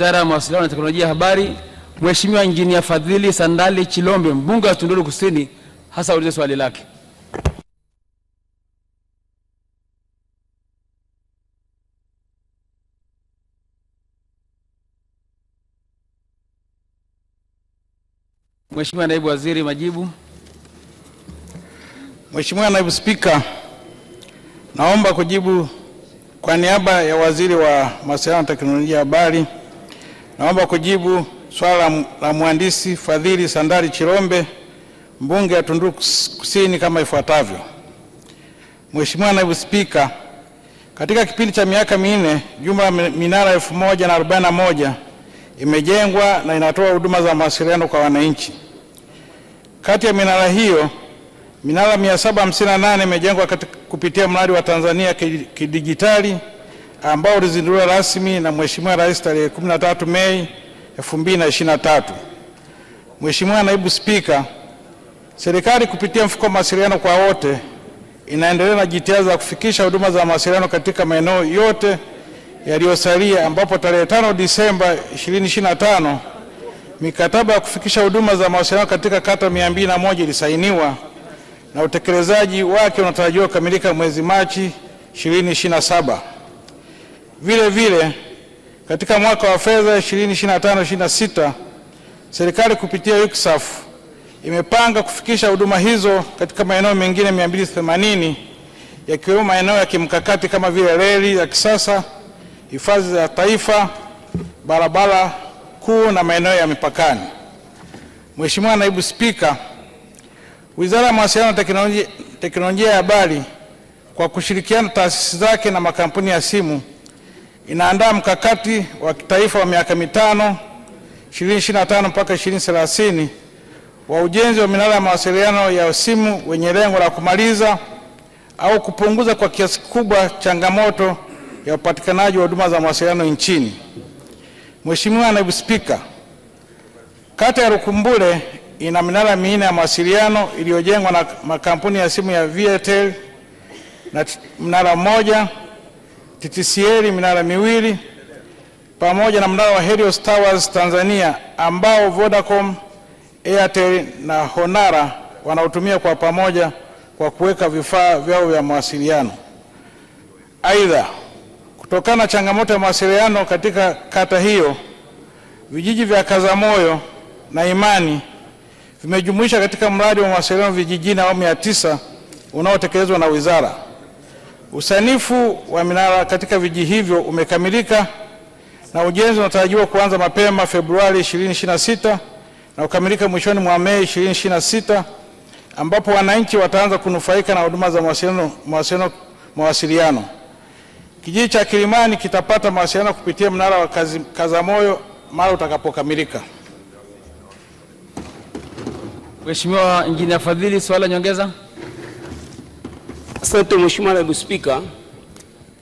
Wizara ya Mawasiliano na Teknolojia ya Habari, Mheshimiwa Injinia Fadhili Sandali Chilombe, mbunge wa Tunduru Kusini, hasa ulize swali lake. Mheshimiwa Naibu Waziri, majibu. Mheshimiwa Naibu Spika, naomba kujibu kwa niaba ya Waziri wa Mawasiliano na Teknolojia ya Habari Naomba kujibu swala la mhandisi Fadhili Sandari chirombe mbunge wa Tunduru Kusini, kama ifuatavyo. Mheshimiwa Naibu Spika, katika kipindi cha miaka minne jumla ya minara elfu moja na arobaini na moja imejengwa na inatoa huduma za mawasiliano kwa wananchi. Kati ya minara hiyo, minara 758 imejengwa kupitia mradi wa Tanzania Kidijitali ambao ulizinduliwa rasmi na Mheshimiwa Rais tarehe 13 Mei 2023. Mheshimiwa Naibu Spika, serikali kupitia mfuko wa mawasiliano kwa wote inaendelea na jitihada za kufikisha huduma za mawasiliano katika maeneo yote yaliyosalia, ambapo tarehe 5 Disemba 2025 mikataba ya kufikisha huduma za mawasiliano katika kata 201 ilisainiwa na utekelezaji wake unatarajiwa kukamilika mwezi Machi 2027. Vile vile katika mwaka wa fedha 2025/26 serikali kupitia UCSAF imepanga kufikisha huduma hizo katika maeneo mengine 280 yakiwemo maeneo ya kimkakati kama vile reli ya kisasa, hifadhi za taifa, barabara kuu na maeneo ya mipakani. Mheshimiwa Naibu Spika, Wizara ya Mawasiliano na Teknolojia ya Habari kwa kushirikiana taasisi zake na makampuni ya simu inaandaa mkakati wa kitaifa wa miaka mitano 2025 mpaka 2030 wa ujenzi wa minara ya mawasiliano ya simu wenye lengo la kumaliza au kupunguza kwa kiasi kikubwa changamoto ya upatikanaji wa huduma za mawasiliano nchini. Mheshimiwa Naibu Spika, kata ya rukumbule ina minara minne ya mawasiliano iliyojengwa na makampuni ya simu ya Viettel na mnara mmoja TTCL minara miwili pamoja na mnara wa Helios Towers Tanzania ambao Vodacom, Airtel na Honara wanaotumia kwa pamoja kwa kuweka vifaa vyao vya mawasiliano. Aidha, kutokana na changamoto ya mawasiliano katika kata hiyo, vijiji vya Kazamoyo na Imani vimejumuisha katika mradi wa mawasiliano vijijini awamu ya tisa unaotekelezwa na wizara. Usanifu wa minara katika vijiji hivyo umekamilika na ujenzi unatarajiwa kuanza mapema Februari 2026 na kukamilika mwishoni mwa Mei 2026 ambapo wananchi wataanza kunufaika na huduma za mawasiliano, mawasiliano, mawasiliano. Kijiji cha Kilimani kitapata mawasiliano kupitia mnara wa Kazamoyo mara utakapokamilika. Mheshimiwa Injinia Fadhili, swali la nyongeza. Asante Mheshimiwa Naibu Spika,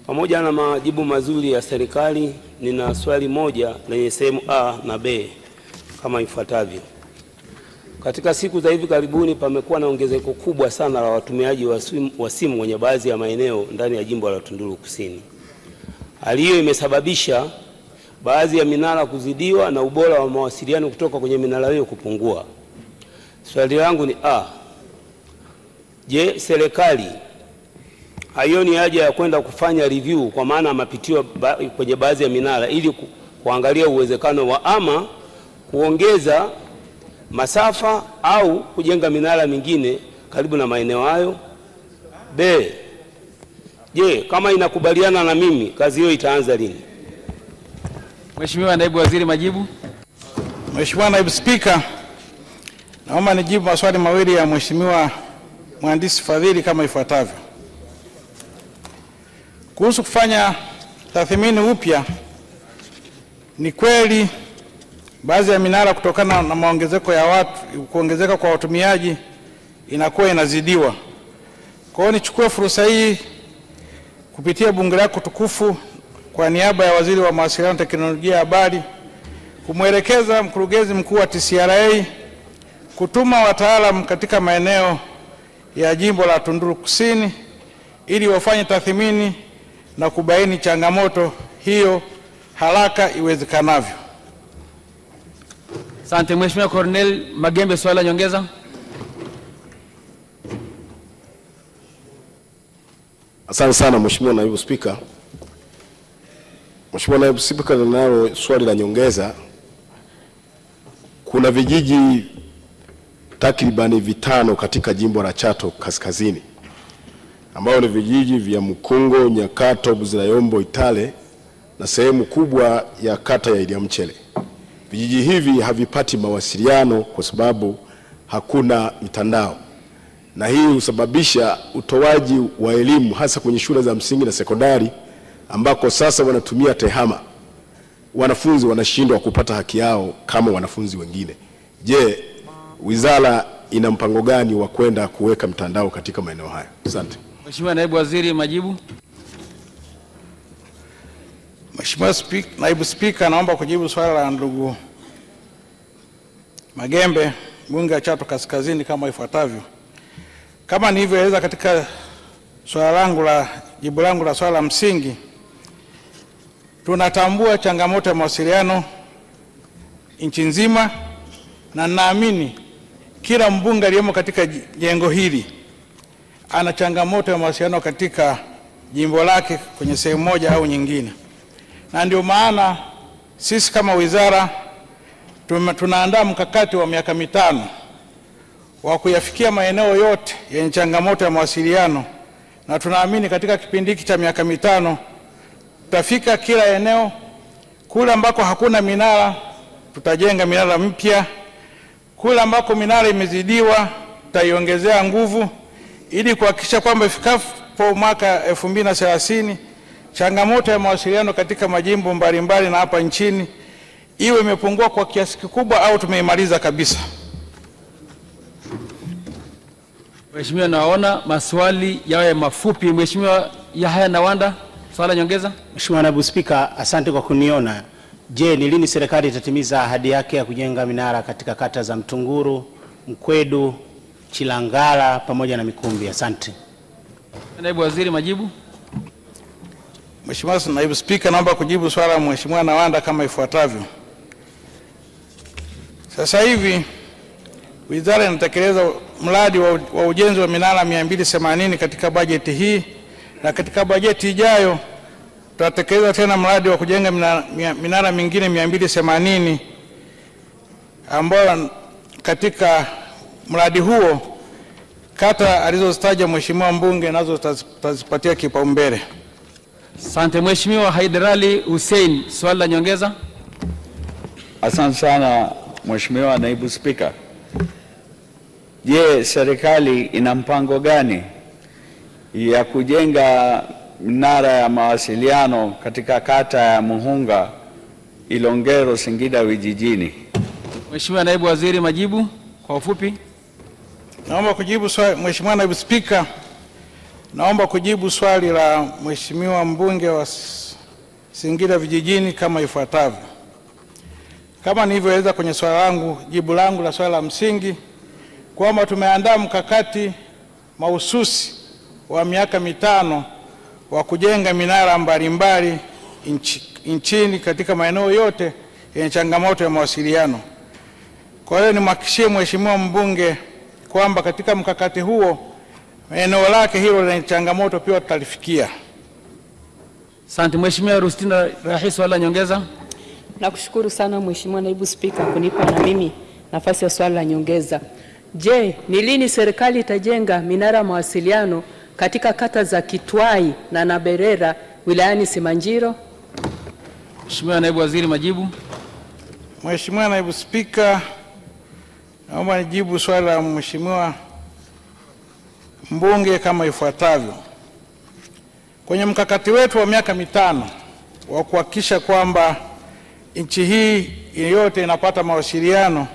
pamoja na majibu mazuri ya serikali, nina swali moja lenye sehemu A na B kama ifuatavyo. Katika siku za hivi karibuni pamekuwa na ongezeko kubwa sana la watumiaji wa simu kwenye baadhi ya maeneo ndani ya jimbo la Tunduru Kusini. Hali hiyo imesababisha baadhi ya minara kuzidiwa na ubora wa mawasiliano kutoka kwenye minara hiyo kupungua. Swali langu ni a, je, serikali haioni haja ya kwenda kufanya review kwa maana amapitiwa mapitio ba, kwenye baadhi ya minara ili ku, kuangalia uwezekano wa ama kuongeza masafa au kujenga minara mingine karibu na maeneo hayo. B, je, kama inakubaliana na mimi kazi hiyo itaanza lini? Mheshimiwa Naibu Waziri, majibu. Mheshimiwa Naibu Spika, naomba nijibu maswali mawili ya Mheshimiwa Mhandisi Fadhili kama ifuatavyo. Kuhusu kufanya tathmini upya, ni kweli baadhi ya minara kutokana na maongezeko ya watu, kuongezeka kwa watumiaji inakuwa inazidiwa. Kwa hiyo nichukue fursa hii kupitia bunge lako tukufu kwa niaba ya waziri wa mawasiliano na teknolojia ya habari kumwelekeza mkurugenzi mkuu wa TCRA kutuma wataalamu katika maeneo ya jimbo la Tunduru Kusini ili wafanye tathmini na kubaini changamoto hiyo haraka iwezekanavyo. Asante Mheshimiwa Cornel Magembe, swali la nyongeza. Asante sana Mheshimiwa Naibu Spika. Mheshimiwa Naibu Spika, ninalo swali la nyongeza. Kuna vijiji takribani vitano katika jimbo la Chato Kaskazini ambayo ni vijiji vya Mkungo, Nyakato, Buzilayombo, Itale na sehemu kubwa ya kata ya iliamchele Vijiji hivi havipati mawasiliano kwa sababu hakuna mitandao, na hii husababisha utoaji wa elimu hasa kwenye shule za msingi na sekondari ambako sasa wanatumia tehama. Wanafunzi wanashindwa kupata haki yao kama wanafunzi wengine. Je, wizara ina mpango gani wa kwenda kuweka mtandao katika maeneo haya? Asante. Mheshimiwa Naibu Waziri, majibu. Mheshimiwa Spika, Naibu Spika, naomba kujibu swala la ndugu Magembe, mbunge wa Chato Kaskazini, kama ifuatavyo. Kama nilivyoeleza katika swala langu la jibu langu la swala la msingi, tunatambua changamoto ya mawasiliano nchi nzima, na naamini kila mbunge aliyemo katika jengo hili ana changamoto ya mawasiliano katika jimbo lake kwenye sehemu moja au nyingine, na ndio maana sisi kama wizara tunaandaa mkakati wa miaka mitano wa kuyafikia maeneo yote yenye changamoto ya mawasiliano, na tunaamini katika kipindi hiki cha miaka mitano tutafika kila eneo. Kule ambako hakuna minara tutajenga minara mpya, kule ambako minara imezidiwa tutaiongezea nguvu ili kuhakikisha kwamba ifikapo mwaka 2030 changamoto ya mawasiliano katika majimbo mbalimbali na hapa nchini iwe imepungua kwa kiasi kikubwa au tumeimaliza kabisa. Mheshimiwa, naona maswali yawe mafupi. Mheshimiwa Yahaya Nawanda, swala nyongeza. Mheshimiwa Naibu Spika, asante kwa kuniona. Je, ni lini serikali itatimiza ahadi yake ya kujenga minara katika kata za Mtunguru, Mkwedu, Chilangala pamoja na Mikumbi. Asante. Naibu Waziri, majibu. Mheshimiwa Naibu Spika, naomba kujibu swala la Mheshimiwa Nawanda kama ifuatavyo. Sasa hivi wizara inatekeleza mradi wa, wa ujenzi wa minara 280 katika bajeti hii na katika bajeti ijayo tutatekeleza tena mradi wa kujenga minara, minara mingine 280 ambayo katika mradi huo kata alizozitaja mheshimiwa mbunge nazo tutazipatia kipaumbele. Asante Mheshimiwa Haidarali Hussein, swali la nyongeza. Asante sana Mheshimiwa Naibu Spika. Je, serikali ina mpango gani ya kujenga minara ya mawasiliano katika kata ya Muhunga, Ilongero, Singida vijijini? Mheshimiwa Naibu Waziri, majibu kwa ufupi. Naomba kujibu swali, Mheshimiwa Naibu Spika, naomba kujibu swali la Mheshimiwa mbunge wa Singida vijijini kama ifuatavyo. Kama nilivyoeleza kwenye swali langu, jibu langu la swali la msingi kwamba tumeandaa mkakati mahususi wa miaka mitano wa kujenga minara mbalimbali inchi, nchini katika maeneo yote yenye changamoto ya mawasiliano. Kwa hiyo nimhakikishie Mheshimiwa mbunge kwamba katika mkakati huo eneo lake hilo lenye changamoto pia tutalifikia. Asante Mheshimiwa Rustina, Rais, swali la nyongeza. Nakushukuru sana Mheshimiwa Naibu Spika kunipa na mimi nafasi ya swali la nyongeza. Je, ni lini serikali itajenga minara ya mawasiliano katika kata za Kitwai na Naberera wilayani Simanjiro? Mheshimiwa Naibu Waziri, majibu. Mheshimiwa Naibu Spika, Naomba nijibu swali la mheshimiwa mbunge kama ifuatavyo. Kwenye mkakati wetu wa miaka mitano wa kuhakikisha kwamba nchi hii yote inapata mawasiliano,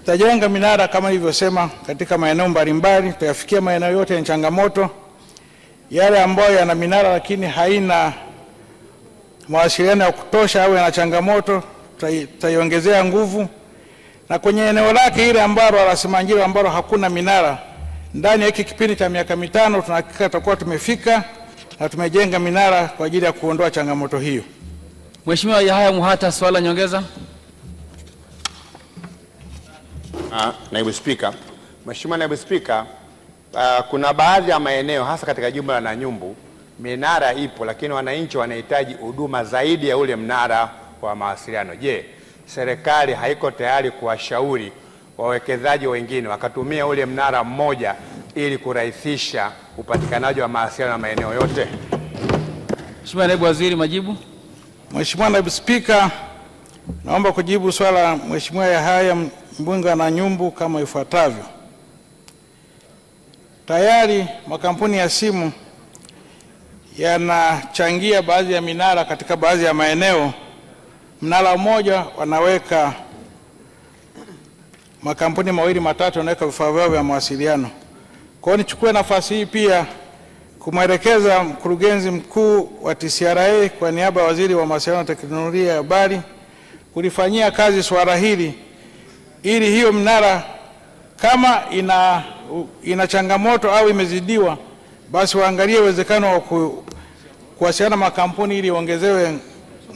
tutajenga minara kama ilivyosema katika maeneo mbalimbali, tutayafikia maeneo yote yenye changamoto. Yale ambayo yana minara lakini haina mawasiliano ya kutosha au yana changamoto, tutaiongezea nguvu na kwenye eneo lake ile ambalo Simanjiro ambalo hakuna minara, ndani ya hiki kipindi cha miaka mitano tunahakika tutakuwa tumefika na tumejenga minara kwa ajili ya kuondoa changamoto hiyo. Mheshimiwa Yahaya Muhata, swala nyongeza. Ah, naibu Spika. Mheshimiwa Naibu Spika, uh, kuna baadhi ya maeneo hasa katika jumba la na Nyumbu minara ipo, lakini wananchi wanahitaji huduma zaidi ya ule mnara wa mawasiliano. Je, serikali haiko tayari kuwashauri wawekezaji wengine wakatumia ule mnara mmoja ili kurahisisha upatikanaji wa mawasiliano na maeneo yote. Mheshimiwa Naibu Waziri, majibu. Mheshimiwa Naibu Spika, naomba kujibu swala la Mheshimiwa Yahaya Mbunga na Nyumbu kama ifuatavyo. Tayari makampuni ya simu yanachangia baadhi ya minara katika baadhi ya maeneo mnara mmoja wanaweka makampuni mawili matatu wanaweka vifaa vyao vya mawasiliano. Kwa hiyo nichukue nafasi hii pia kumwelekeza mkurugenzi mkuu wa TCRA kwa niaba ya waziri wa mawasiliano na teknolojia ya habari kulifanyia kazi swala hili ili hiyo mnara kama ina, ina changamoto au imezidiwa, basi waangalie uwezekano wa kuwasiliana makampuni ili iongezewe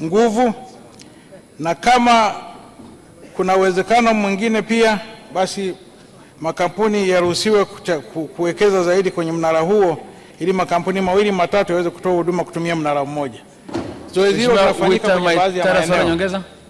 nguvu na kama kuna uwezekano mwingine pia basi makampuni yaruhusiwe kuwekeza zaidi kwenye mnara huo ili makampuni mawili matatu yaweze kutoa huduma kutumia mnara mmoja. Zoezi hilo linafanyika kwenye baadhi ya maeneo.